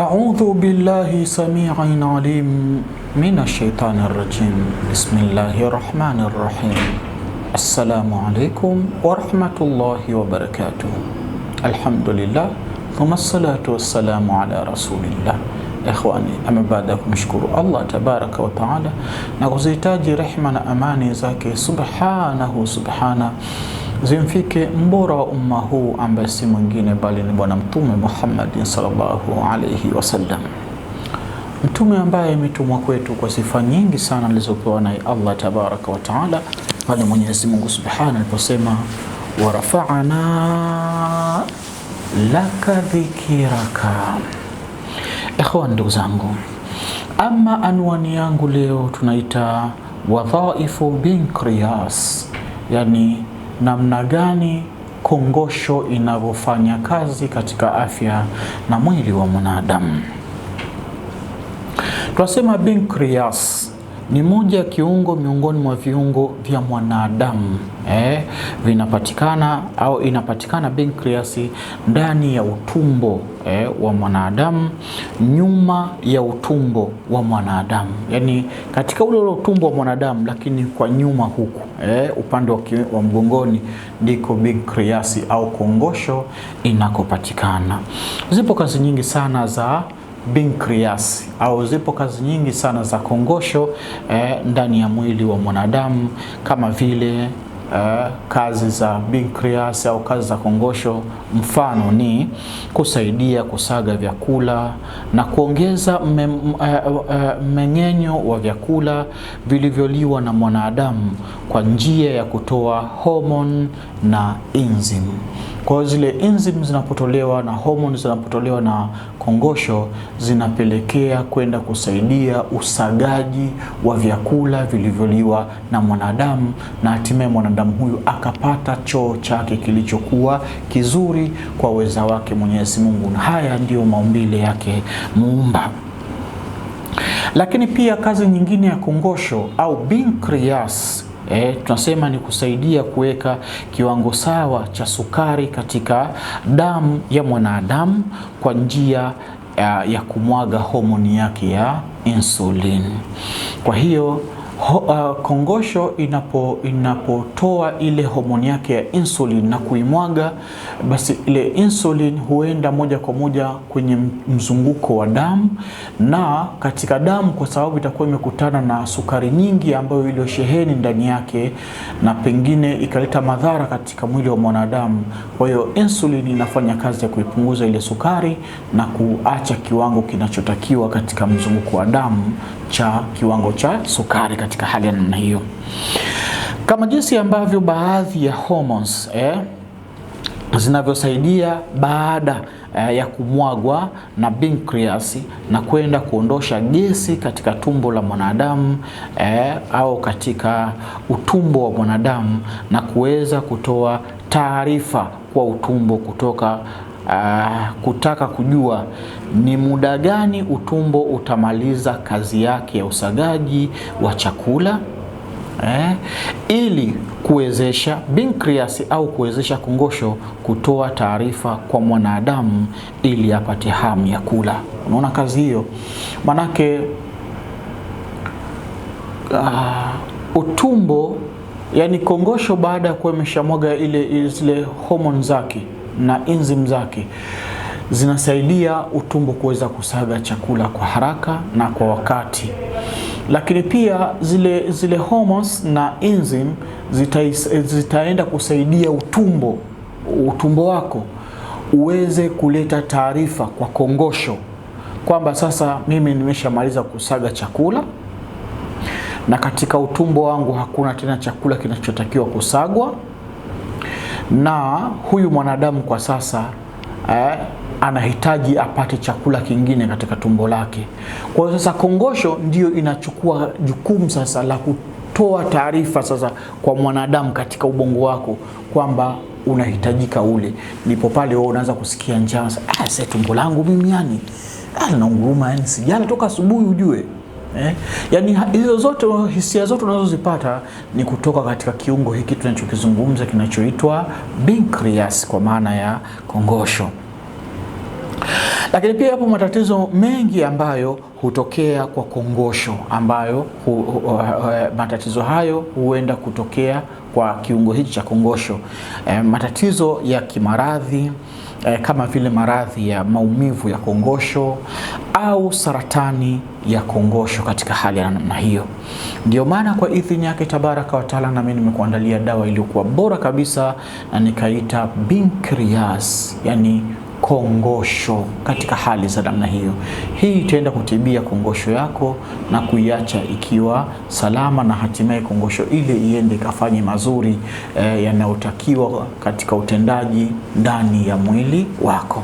أعوذ بالله سميع عليم من الشيطان الرجيم بسم الله الرحمن الرحيم السلام عليكم ورحمة الله وبركاته الحمد لله ثم الصلاة والسلام على رسول الله إخواني أما بعد أشكر الله تبارك وتعالى نغزيتاج رحمة أماني زاكي سبحانه سبحانه زين فيك wa أمه أم ambaye si mwingine bali محمد صلى الله عليه وسلم mtume ambaye ametumwa kwetu kwa sifa nyingi sana alizopewa na Allah tabaraka wa taala, pale Mwenyezi Mungu subhanahu aliposema warafa'na laka dhikiraka. Ikhwan, ndugu zangu, ama anwani yangu leo tunaita wadhaifu bin qiyas, yani namna gani kongosho inavyofanya kazi katika afya na mwili wa mwanadamu. Tunasema pancreas ni moja ya kiungo miongoni mwa viungo vya mwanadamu eh, vinapatikana au inapatikana pancreas ndani ya utumbo eh, wa mwanadamu, nyuma ya utumbo wa mwanadamu, yaani katika ule ule utumbo wa mwanadamu, lakini kwa nyuma huku eh, upande wa mgongoni ndiko pancreas au kongosho inakopatikana. Zipo kazi nyingi sana za pancreas au zipo kazi nyingi sana za kongosho eh, ndani ya mwili wa mwanadamu kama vile eh, kazi za pancreas au kazi za kongosho, mfano ni kusaidia kusaga vyakula na kuongeza eh, eh, mmeng'enyo wa vyakula vilivyoliwa na mwanadamu kwa njia ya kutoa homoni na enzimu. Kwa hiyo zile enzymes zinapotolewa na homoni zinapotolewa na kongosho zinapelekea kwenda kusaidia usagaji wa vyakula vilivyoliwa na mwanadamu, na hatimaye mwanadamu huyu akapata choo chake kilichokuwa kizuri kwa uweza wake Mwenyezi Mungu, na haya ndiyo maumbile yake Muumba. Lakini pia kazi nyingine ya kongosho au binkrias E, tunasema ni kusaidia kuweka kiwango sawa cha sukari katika damu ya mwanadamu kwa njia ya, eh, ya kumwaga homoni yake ya insulin. Kwa hiyo Ho, uh, kongosho inapo inapotoa ile homoni yake ya insulin na kuimwaga, basi ile insulin huenda moja kwa moja kwenye mzunguko wa damu, na katika damu, kwa sababu itakuwa imekutana na sukari nyingi ambayo iliyosheheni ndani yake, na pengine ikaleta madhara katika mwili wa mwanadamu. Kwa hiyo insulin inafanya kazi ya kuipunguza ile sukari na kuacha kiwango kinachotakiwa katika mzunguko wa damu cha kiwango cha sukari katika hali ya namna hiyo, kama jinsi ambavyo baadhi ya hormones eh, zinavyosaidia baada eh, ya kumwagwa na pancreas na kwenda kuondosha gesi katika tumbo la mwanadamu eh, au katika utumbo wa mwanadamu na kuweza kutoa taarifa kwa utumbo kutoka aa, ah, kutaka kujua ni muda gani utumbo utamaliza kazi yake ya usagaji wa chakula eh, ili kuwezesha pancreas au kuwezesha kongosho kutoa taarifa kwa mwanadamu ili apate hamu ya kula. Unaona kazi hiyo, manake uh, utumbo, yani kongosho baada ya kuwa imeshamwaga ile zile homoni zake na enzim zake zinasaidia utumbo kuweza kusaga chakula kwa haraka na kwa wakati, lakini pia zile, zile hormones na enzim zita, zitaenda kusaidia utumbo utumbo wako uweze kuleta taarifa kwa kongosho kwamba sasa mimi nimeshamaliza kusaga chakula na katika utumbo wangu hakuna tena chakula kinachotakiwa kusagwa na huyu mwanadamu kwa sasa eh, anahitaji apate chakula kingine katika tumbo lake. Kwa hiyo sasa kongosho ndiyo inachukua jukumu sasa la kutoa taarifa sasa kwa mwanadamu katika ubongo wako kwamba unahitajika ule. Ndipo pale wewe unaanza kusikia njaa, sasa ah, tumbo langu mimi yani, ah, linaunguruma yani, sijala toka asubuhi ujue Eh? Yaani hizo zote hisia zote unazozipata ni kutoka katika kiungo hiki tunachokizungumza kinachoitwa pancreas kwa maana ya kongosho. Lakini pia yapo matatizo mengi ambayo hutokea kwa kongosho ambayo hu, hu, hu, eh, eh, matatizo hayo huenda kutokea kwa kiungo hiki cha kongosho. eh, matatizo ya kimaradhi eh, kama vile maradhi ya maumivu ya kongosho au saratani ya kongosho katika hali ya namna hiyo. Ndio maana kwa idhini yake tabaraka wa taala, nami nimekuandalia dawa iliyokuwa bora kabisa na nikaita binkrias, yani kongosho katika hali za namna hiyo. Hii itaenda kutibia kongosho yako na kuiacha ikiwa salama, na hatimaye kongosho ile iende ikafanye mazuri eh, yanayotakiwa katika utendaji ndani ya mwili wako.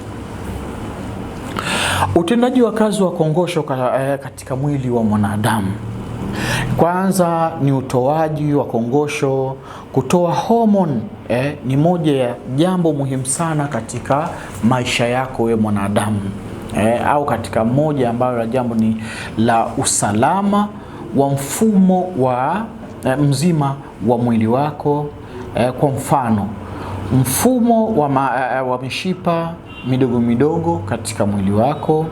Utendaji wa kazi wa kongosho eh, katika mwili wa mwanadamu, kwanza ni utoaji wa kongosho. Kutoa homoni eh, ni moja ya jambo muhimu sana katika maisha yako we mwanadamu eh, au katika moja ambayo la jambo ni la usalama wa mfumo wa eh, mzima wa mwili wako eh, kwa mfano mfumo wa, ma, eh, wa mishipa midogo midogo katika mwili wako,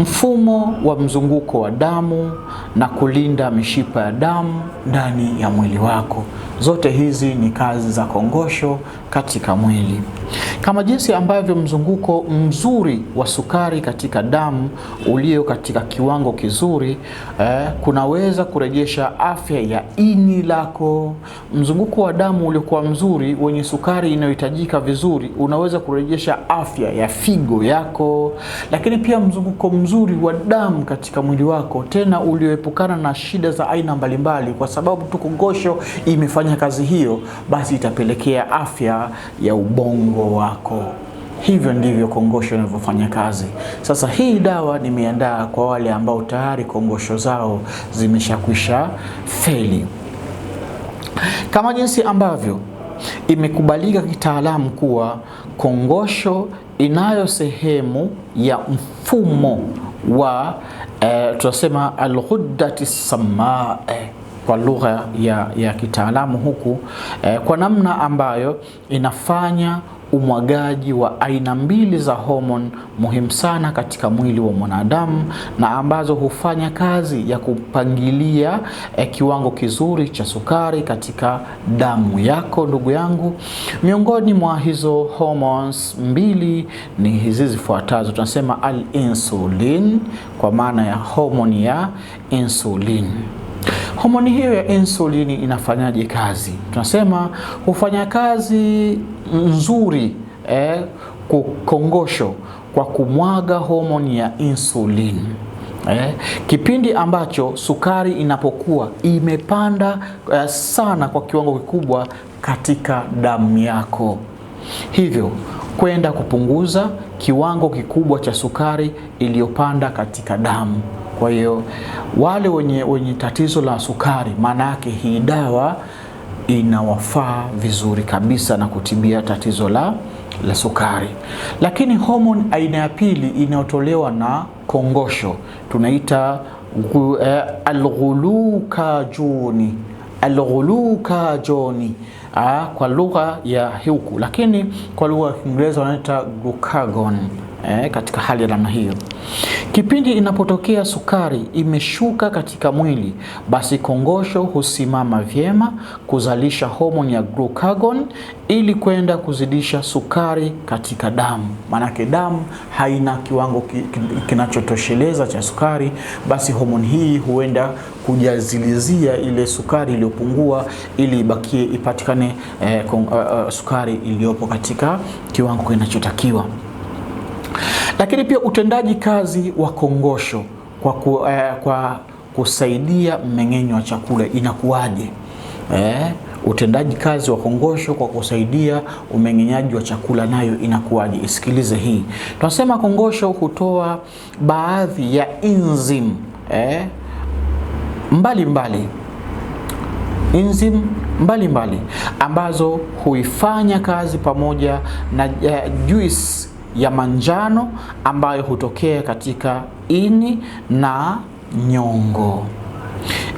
mfumo wa mzunguko wa damu na kulinda mishipa ya damu ndani ya mwili wako. Zote hizi ni kazi za kongosho katika mwili. Kama jinsi ambavyo mzunguko mzuri wa sukari katika damu ulio katika kiwango kizuri eh, kunaweza kurejesha afya ya ini lako. Mzunguko wa damu uliokuwa mzuri wenye sukari inayohitajika vizuri unaweza kurejesha afya ya figo yako, lakini pia mzunguko mzuri wa damu katika mwili wako tena ulioepukana na shida za aina mbalimbali, kwa sababu tu kongosho imefanya kufanya kazi hiyo, basi itapelekea afya ya ubongo wako. Hivyo ndivyo kongosho inavyofanya kazi. Sasa hii dawa nimeandaa kwa wale ambao tayari kongosho zao zimeshakwisha feli, kama jinsi ambavyo imekubalika kitaalamu kuwa kongosho inayo sehemu ya mfumo wa eh, tunasema alghuddati eh kwa lugha ya, ya kitaalamu huku eh, kwa namna ambayo inafanya umwagaji wa aina mbili za homoni muhimu sana katika mwili wa mwanadamu na ambazo hufanya kazi ya kupangilia eh, kiwango kizuri cha sukari katika damu yako ndugu yangu. Miongoni mwa hizo hormones mbili ni hizi zifuatazo, tunasema al insulin kwa maana ya homoni ya insulin. Homoni hiyo ya insulini inafanyaje kazi? Tunasema hufanya kazi nzuri eh, kukongosho kwa kumwaga homoni ya insulini eh, kipindi ambacho sukari inapokuwa imepanda eh, sana kwa kiwango kikubwa katika damu yako, hivyo kwenda kupunguza kiwango kikubwa cha sukari iliyopanda katika damu. Kwa hiyo wale wenye, wenye tatizo la sukari, maana yake hii dawa inawafaa vizuri kabisa na kutibia tatizo la, la sukari. Lakini homoni aina ya pili inayotolewa na kongosho tunaita eh, alghuluka joni ah, kwa lugha ya huku, lakini kwa lugha ya Kiingereza wanaita glucagon eh, katika hali ya namna hiyo. Kipindi inapotokea sukari imeshuka katika mwili, basi kongosho husimama vyema kuzalisha homoni ya glucagon ili kwenda kuzidisha sukari katika damu. Maanake damu haina kiwango kinachotosheleza cha sukari, basi homoni hii huenda kujazilizia ile sukari iliyopungua ili ibakie ipatikane eh, kong, uh, uh, sukari iliyopo katika kiwango kinachotakiwa. Lakini pia utendaji kazi wa kongosho kwa, ku, eh, kwa kusaidia mmeng'enyo wa chakula inakuwaje? Eh, utendaji kazi wa kongosho kwa kusaidia umeng'enyaji wa chakula nayo inakuwaje? Isikilize hii. Tunasema kongosho hutoa baadhi ya enzimu eh, mbalimbali enzimu mbalimbali ambazo huifanya kazi pamoja na uh, juice ya manjano ambayo hutokea katika ini na nyongo.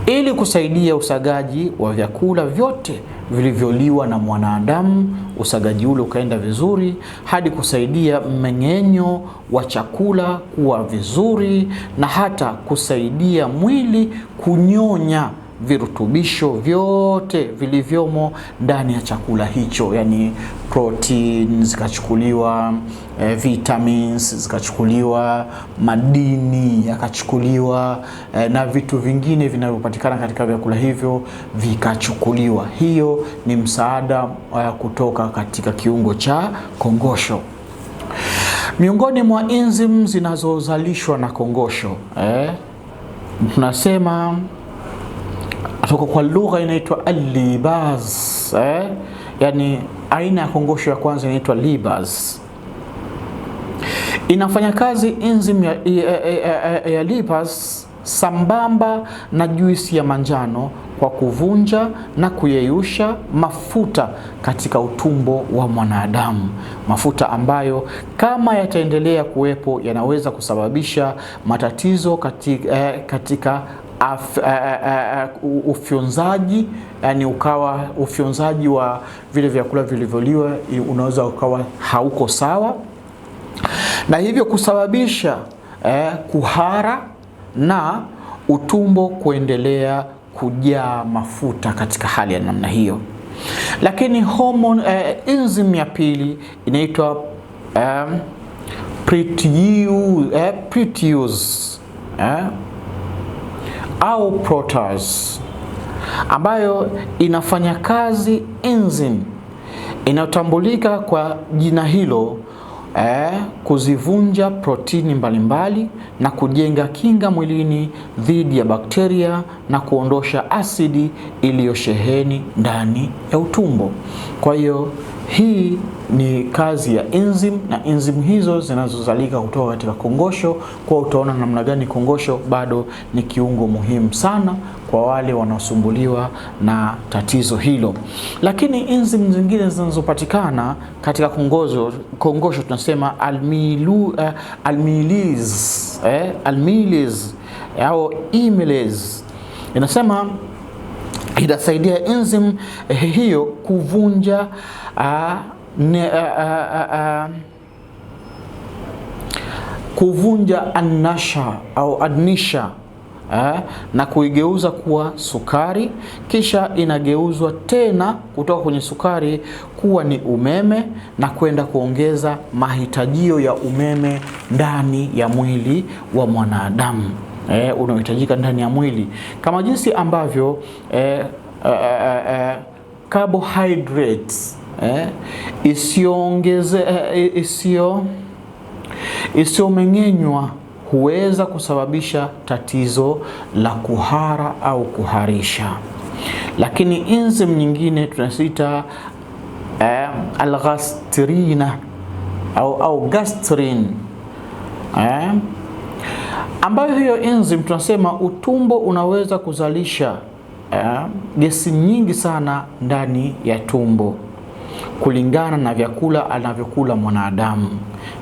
Ili kusaidia usagaji wa vyakula vyote vilivyoliwa na mwanadamu, usagaji ule ukaenda vizuri hadi kusaidia mmeng'enyo wa chakula kuwa vizuri na hata kusaidia mwili kunyonya virutubisho vyote vilivyomo ndani ya chakula hicho, yani protein zikachukuliwa, e, vitamins zikachukuliwa, madini yakachukuliwa, e, na vitu vingine vinavyopatikana katika vyakula hivyo vikachukuliwa. Hiyo ni msaada wa eh, kutoka katika kiungo cha kongosho. Miongoni mwa enzimu zinazozalishwa na kongosho eh, tunasema kutoka kwa lugha inaitwa alibas eh? Yani aina ya kongosho ya kwanza inaitwa libas, inafanya kazi enzimu ya, ya, ya, ya, ya libas sambamba na juisi ya manjano kwa kuvunja na kuyeyusha mafuta katika utumbo wa mwanadamu, mafuta ambayo kama yataendelea kuwepo yanaweza kusababisha matatizo katika, eh, katika af, uh, uh, ufyonzaji yani ukawa ufyonzaji wa vile vyakula vilivyoliwa unaweza ukawa hauko sawa, na hivyo kusababisha eh, kuhara na utumbo kuendelea kujaa mafuta katika hali ya namna hiyo. Lakini hormone eh, enzyme ya pili inaitwa eh, pretius eh, pretius eh, au protars ambayo inafanya kazi enzyme inayotambulika kwa jina hilo eh, kuzivunja protini mbalimbali na kujenga kinga mwilini dhidi ya bakteria na kuondosha asidi iliyosheheni ndani ya utumbo. Kwa hiyo hii ni kazi ya enzim na enzim hizo zinazozalika kutoka katika kongosho. Kwa utaona namna gani kongosho bado ni kiungo muhimu sana kwa wale wanaosumbuliwa na tatizo hilo. Lakini enzim zingine zinazopatikana katika kongosho, kongosho tunasema almilu, uh, almilis, eh, almilis au imilis inasema inasaidia eh, hiyo kuvunja a, ah, ne, ah, ah, kuvunja anasha au adnisha eh, na kuigeuza kuwa sukari, kisha inageuzwa tena kutoka kwenye sukari kuwa ni umeme na kwenda kuongeza mahitajio ya umeme ndani ya mwili wa mwanadamu e, unaohitajika ndani ya mwili kama jinsi ambavyo e, a, a, carbohydrates e, isiongeze eh, isio isiyomeng'enywa huweza kusababisha tatizo la kuhara au kuharisha. Lakini enzimu nyingine tunasita eh, algastrina au, au gastrin eh, ambayo hiyo enzyme tunasema utumbo unaweza kuzalisha eh, gesi uh, nyingi sana ndani ya tumbo kulingana na vyakula anavyokula mwanadamu.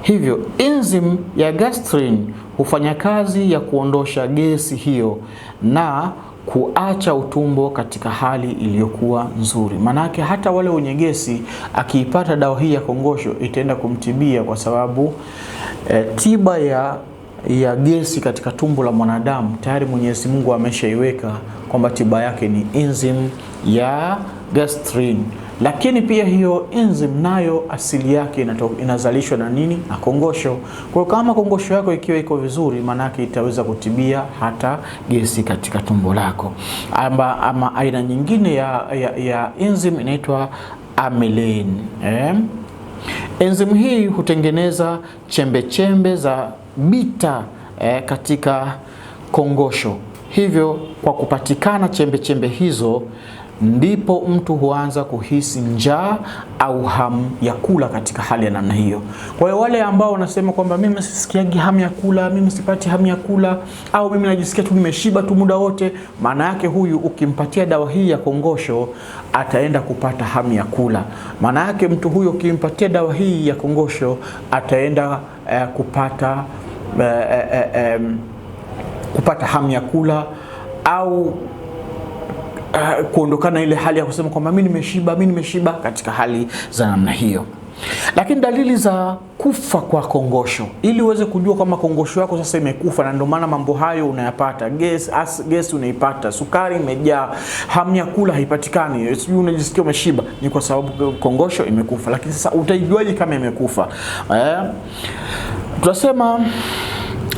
Hivyo enzyme ya gastrin hufanya kazi ya kuondosha gesi hiyo na kuacha utumbo katika hali iliyokuwa nzuri. Maanake hata wale wenye gesi akiipata dawa hii ya kongosho itaenda kumtibia kwa sababu eh, tiba ya ya gesi katika tumbo la mwanadamu tayari Mwenyezi Mungu ameshaiweka kwamba tiba yake ni enzyme ya gastrin, lakini pia hiyo enzyme nayo asili yake inazalishwa na nini? Na kongosho. Kwa kama kongosho yako ikiwa iko vizuri, maanake itaweza kutibia hata gesi katika tumbo lako. Ama, ama aina nyingine ya, ya, ya enzyme inaitwa amylin eh? Enzimu hii hutengeneza chembechembe za bita eh, katika kongosho. Hivyo kwa kupatikana chembechembe hizo ndipo mtu huanza kuhisi njaa au hamu ya kula katika hali ya namna hiyo. Kwa hiyo wale ambao wanasema kwamba mimi sisikiagi hamu ya kula, mimi sipati hamu ya kula, au mimi najisikia tu nimeshiba tu muda wote, maana yake huyu ukimpatia dawa hii ya kongosho ataenda kupata hamu ya kula. Maana yake mtu huyo ukimpatia dawa hii ya kongosho ataenda eh, kupata eh, eh, eh, kupata hamu ya kula au uh, kuondokana ile hali ya kusema kwamba mimi nimeshiba, mimi nimeshiba katika hali za namna hiyo. Lakini dalili za kufa kwa kongosho, ili uweze kujua kama kongosho yako sasa imekufa, na ndio maana mambo hayo unayapata. Gesi, gesi unaipata, sukari imejaa, hamu ya kula haipatikani, sijui unajisikia umeshiba, ni kwa sababu kongosho imekufa. Lakini sasa utaijuaje kama imekufa? Eh, tunasema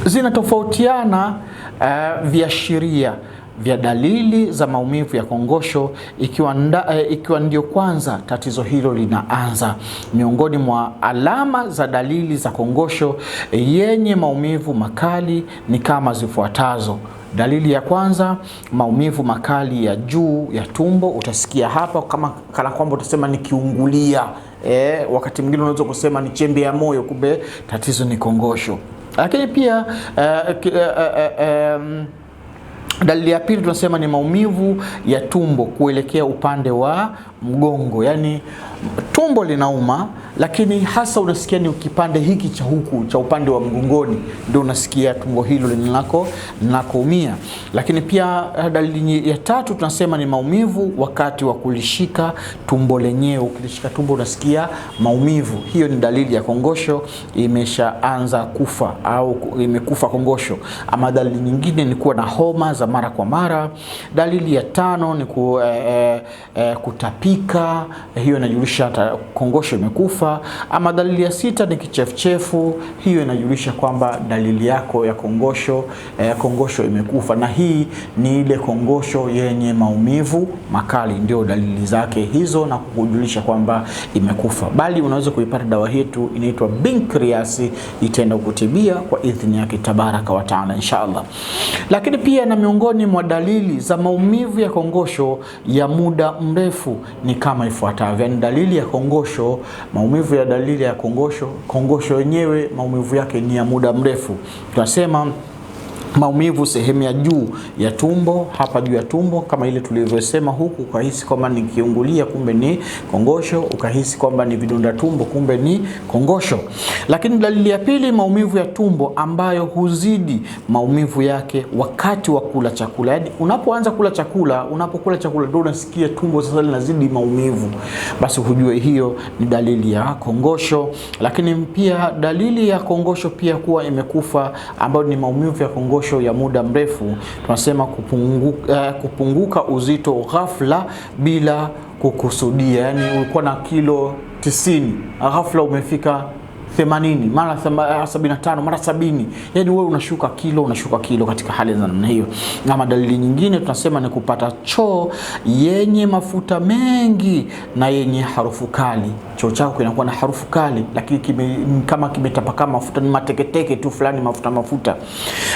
zinatofautiana eh, viashiria vya dalili za maumivu ya kongosho ikiwa, nda, eh, ikiwa ndio kwanza tatizo hilo linaanza. Miongoni mwa alama za dalili za kongosho eh, yenye maumivu makali ni kama zifuatazo. Dalili ya kwanza, maumivu makali ya juu ya tumbo. Utasikia hapa kama kana kwamba utasema ni kiungulia e, wakati mwingine unaweza kusema ni chembe ya moyo, kumbe tatizo ni kongosho. Lakini pia uh, uh, uh, um, Dalili ya pili tunasema ni maumivu ya tumbo kuelekea upande wa mgongo, yani tumbo linauma, lakini hasa unasikia ni kipande hiki cha huku cha upande wa mgongoni ndio unasikia tumbo hilo linako linakoumia. Lakini pia eh, dalili ya tatu tunasema ni maumivu wakati wa kulishika tumbo lenyewe. Ukilishika tumbo unasikia maumivu, hiyo ni dalili ya kongosho imeshaanza kufa au imekufa kongosho. Ama dalili nyingine ni kuwa na homa za mara kwa mara. Dalili ya tano ni ku, eh, eh, eh kutapia kupika, hiyo inajulisha hata kongosho imekufa. Ama dalili ya sita ni kichefuchefu, hiyo inajulisha kwamba dalili yako ya kongosho eh, ya kongosho imekufa, na hii ni ile kongosho yenye maumivu makali, ndio dalili zake hizo, na kukujulisha kwamba imekufa. Bali unaweza kuipata dawa yetu, inaitwa Binkrias, itaenda kukutibia kwa idhini yake tabaraka wa taala, inshaallah. Lakini pia na miongoni mwa dalili za maumivu ya kongosho ya muda mrefu ni kama ifuatavyo. yani dalili ya kongosho, maumivu ya dalili ya kongosho, kongosho yenyewe maumivu yake ni ya muda mrefu, tunasema maumivu sehemu ya juu ya tumbo, hapa juu ya tumbo, kama ile tulivyosema huku, ukahisi kwamba ni kiungulia, kumbe ni kongosho, ukahisi kwamba ni vidonda tumbo, kumbe ni kongosho. Lakini dalili ya pili, maumivu ya tumbo ambayo huzidi maumivu yake wakati wa kula chakula, yaani unapoanza kula chakula, unapokula chakula ndio unasikia tumbo sasa linazidi maumivu, basi hujue hiyo ni dalili ya kongosho. Lakini pia dalili ya kongosho pia kuwa imekufa, ambayo ni maumivu ya kongosho posho ya muda mrefu tunasema kupunguka, eh, kupunguka uzito ghafla bila kukusudia, Yani ulikuwa na kilo tisini ghafla umefika themanini mara tano mara sabini yani wewe unashuka kilo unashuka kilo katika hali za namna hiyo. Ama dalili nyingine tunasema ni kupata choo yenye mafuta mengi na yenye harufu kali. Choo chako kinakuwa na harufu kali, lakini kime, kama kimetapakaa mafuta ni mateketeke tu fulani mafuta mafuta.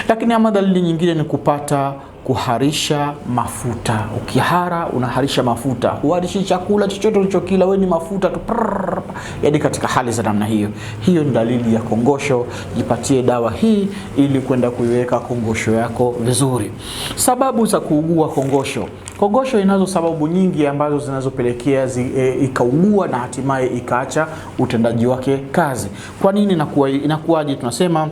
Lakini ama dalili nyingine ni kupata kuharisha mafuta. Ukihara unaharisha mafuta, huharishi chakula chochote ulichokila, wewe ni mafuta tu, yaani katika hali za namna hiyo. Hiyo ni dalili ya kongosho. Jipatie dawa hii ili kwenda kuiweka kongosho yako vizuri. Sababu za kuugua kongosho. Kongosho inazo sababu nyingi ambazo zinazopelekea zi, e, ikaugua na hatimaye ikaacha utendaji wake kazi. Kwa nini inakuwa inakuwaje? tunasema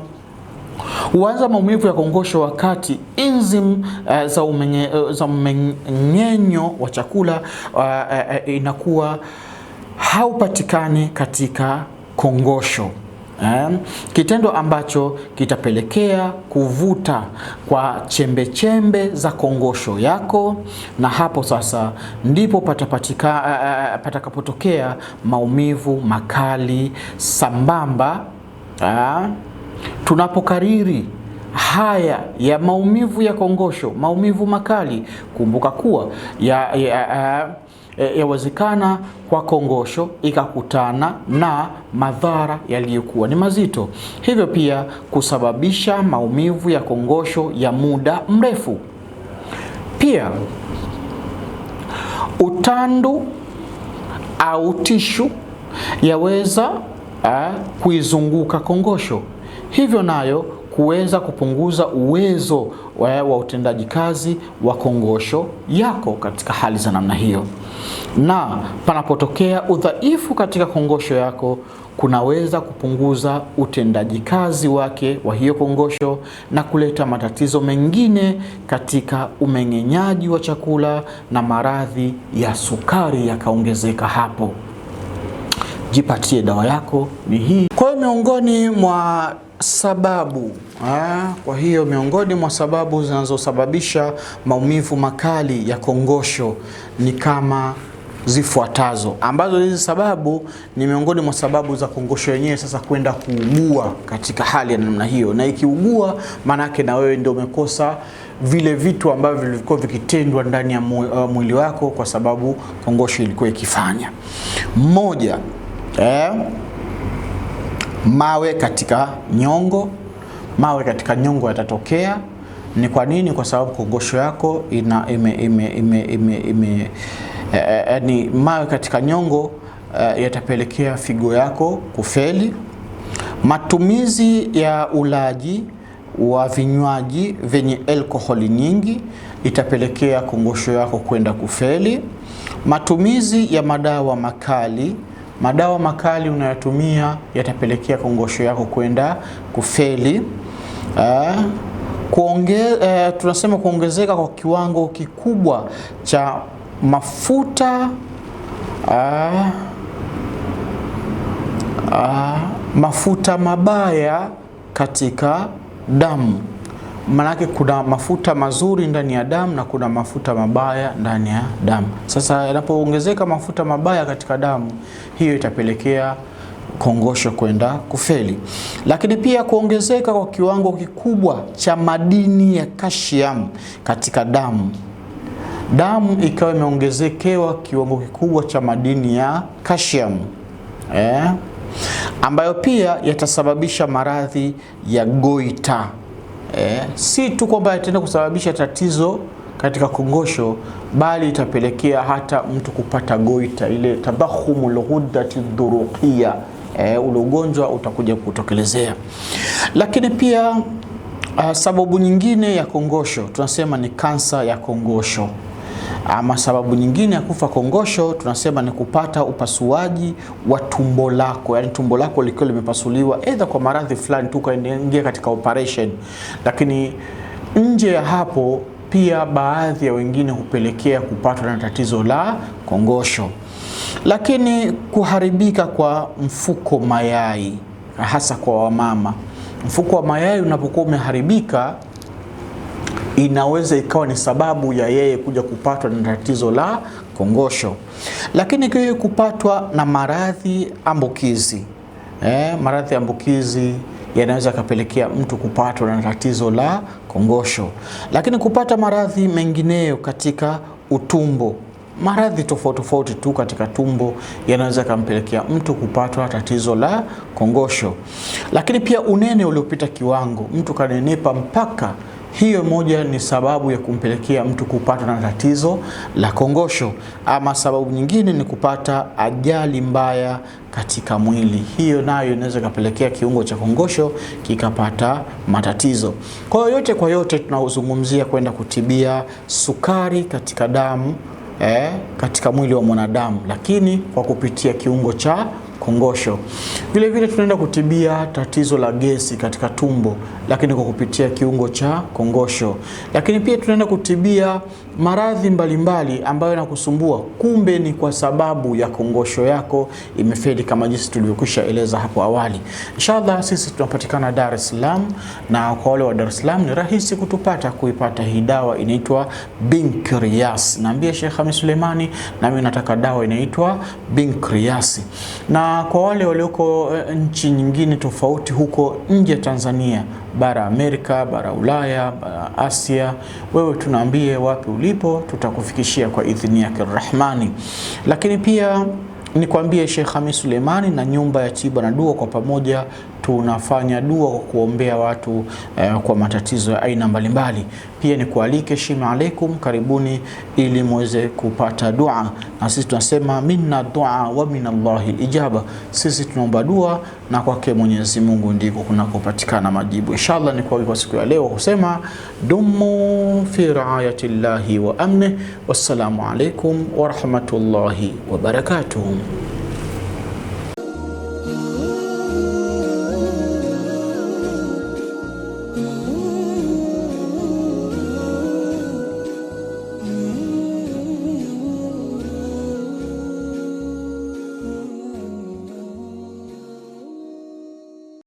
Huanza maumivu ya kongosho wakati enzim uh, eh, za, umenye, uh, za mmeng'enyo wa chakula uh, uh, uh, inakuwa haupatikani katika kongosho. Um, kitendo ambacho kitapelekea kuvuta kwa chembe chembe za kongosho yako, na hapo sasa ndipo patapatika, uh, patakapotokea maumivu makali sambamba uh, Tunapokariri haya ya maumivu ya kongosho, maumivu makali, kumbuka kuwa yawezekana ya, ya, ya kwa kongosho ikakutana na madhara yaliyokuwa ni mazito, hivyo pia kusababisha maumivu ya kongosho ya muda mrefu. Pia utandu au tishu yaweza eh, kuizunguka kongosho hivyo nayo kuweza kupunguza uwezo wa, eh, wa utendaji kazi wa kongosho yako katika hali za namna hiyo. Na panapotokea udhaifu katika kongosho yako kunaweza kupunguza utendaji kazi wake wa hiyo kongosho na kuleta matatizo mengine katika umeng'enyaji wa chakula na maradhi ya sukari yakaongezeka hapo. Jipatie dawa yako ni hii. Kwa hiyo miongoni mwa sababu ha. Kwa hiyo miongoni mwa sababu zinazosababisha maumivu makali ya kongosho ni kama zifuatazo ambazo hizi sababu ni miongoni mwa sababu za kongosho yenyewe sasa kwenda kuugua katika hali ya namna hiyo, na ikiugua, maanake na wewe ndio umekosa vile vitu ambavyo vilikuwa vikitendwa ndani ya uh, mwili wako, kwa sababu kongosho ilikuwa ikifanya. moja eh, mawe katika nyongo, mawe katika nyongo yatatokea. Ni kwa nini? Kwa sababu kongosho yako ina ime, ime, ime, ime, ime, e, ni mawe katika nyongo e, yatapelekea figo yako kufeli. Matumizi ya ulaji wa vinywaji vyenye alkoholi nyingi itapelekea kongosho yako kwenda kufeli. Matumizi ya madawa makali Madawa makali unayotumia yatapelekea kongosho yako kwenda kufeli. Uh, kuonge, uh, tunasema kuongezeka kwa kiwango kikubwa cha mafuta uh, uh, mafuta mabaya katika damu manake kuna mafuta mazuri ndani ya damu na kuna mafuta mabaya ndani ya damu. Sasa yanapoongezeka mafuta mabaya katika damu, hiyo itapelekea kongosho kwenda kufeli. Lakini pia kuongezeka kwa kiwango kikubwa cha madini ya kashiamu katika damu, damu ikawa imeongezekewa kiwango kikubwa cha madini ya kashiamu eh, ambayo pia yatasababisha maradhi ya goita eh, si tu kwamba itaenda kusababisha tatizo katika kongosho bali itapelekea hata mtu kupata goita ile tadhahumu lghuddati dhuruqiya eh, ule ugonjwa utakuja kutokelezea. Lakini pia uh, sababu nyingine ya kongosho tunasema ni kansa ya kongosho. Ama sababu nyingine ya kufa kongosho tunasema ni kupata upasuaji wa tumbo lako, yani tumbo lako likiwa limepasuliwa aidha kwa maradhi fulani tu, ukaingia katika operation. Lakini nje ya hapo pia baadhi ya wengine hupelekea kupatwa na tatizo la kongosho. Lakini kuharibika kwa mfuko mayai, hasa kwa wamama, mfuko wa mayai unapokuwa umeharibika inaweza ikawa ni sababu ya yeye kuja kupatwa na tatizo la kongosho. Lakini yeye kupatwa na maradhi ambukizi eh, maradhi ambukizi yanaweza yakapelekea mtu kupatwa na tatizo la kongosho, lakini kupata maradhi mengineyo katika utumbo maradhi tofauti tofauti tu katika tumbo yanaweza kampelekea mtu kupatwa tatizo la kongosho. Lakini pia unene uliopita kiwango, mtu kanenepa mpaka hiyo moja ni sababu ya kumpelekea mtu kupata na tatizo la kongosho, ama sababu nyingine ni kupata ajali mbaya katika mwili. Hiyo nayo inaweza ikapelekea kiungo cha kongosho kikapata matatizo. Kwa hiyo yote kwa yote tunazungumzia kwenda kutibia sukari katika damu eh, katika mwili wa mwanadamu, lakini kwa kupitia kiungo cha kongosho. Vile vile tunaenda kutibia tatizo la gesi katika tumbo, lakini kwa kupitia kiungo cha kongosho. Lakini pia tunaenda kutibia maradhi mbalimbali ambayo yanakusumbua, kumbe ni kwa sababu ya kongosho yako imefeli, kama jinsi tulivyokwisha eleza hapo awali. Inshallah, sisi tunapatikana Dar es Salaam, na kwa wale wa Dar es Salaam ni rahisi kutupata, kuipata hii dawa inaitwa Binkriyas. Naambia Sheikh Hamis Sulemani, nami nataka dawa inaitwa Binkriyas na kwa wale walioko eh, nchi nyingine tofauti huko nje ya Tanzania, bara Amerika, bara Ulaya, bara Asia, wewe tunaambie wapi ulipo, tutakufikishia kwa idhini yake Rahmani. Lakini pia ni kuambie Sheikh hamis Suleimani na nyumba ya tiba na dua kwa pamoja tunafanya dua kwa kuombea watu eh, kwa matatizo ya aina mbalimbali. Pia nikualike shima alaikum, karibuni ili muweze kupata dua, na sisi tunasema minna dua wa minallahi ijaba, sisi tunaomba dua na kwake Mwenyezi Mungu ndiko kunakopatikana majibu. Inshallah ni kwa siku ya leo husema dumu fi llahi wa amne Wassalamu alaikum wa rahmatullahi wa barakatuh.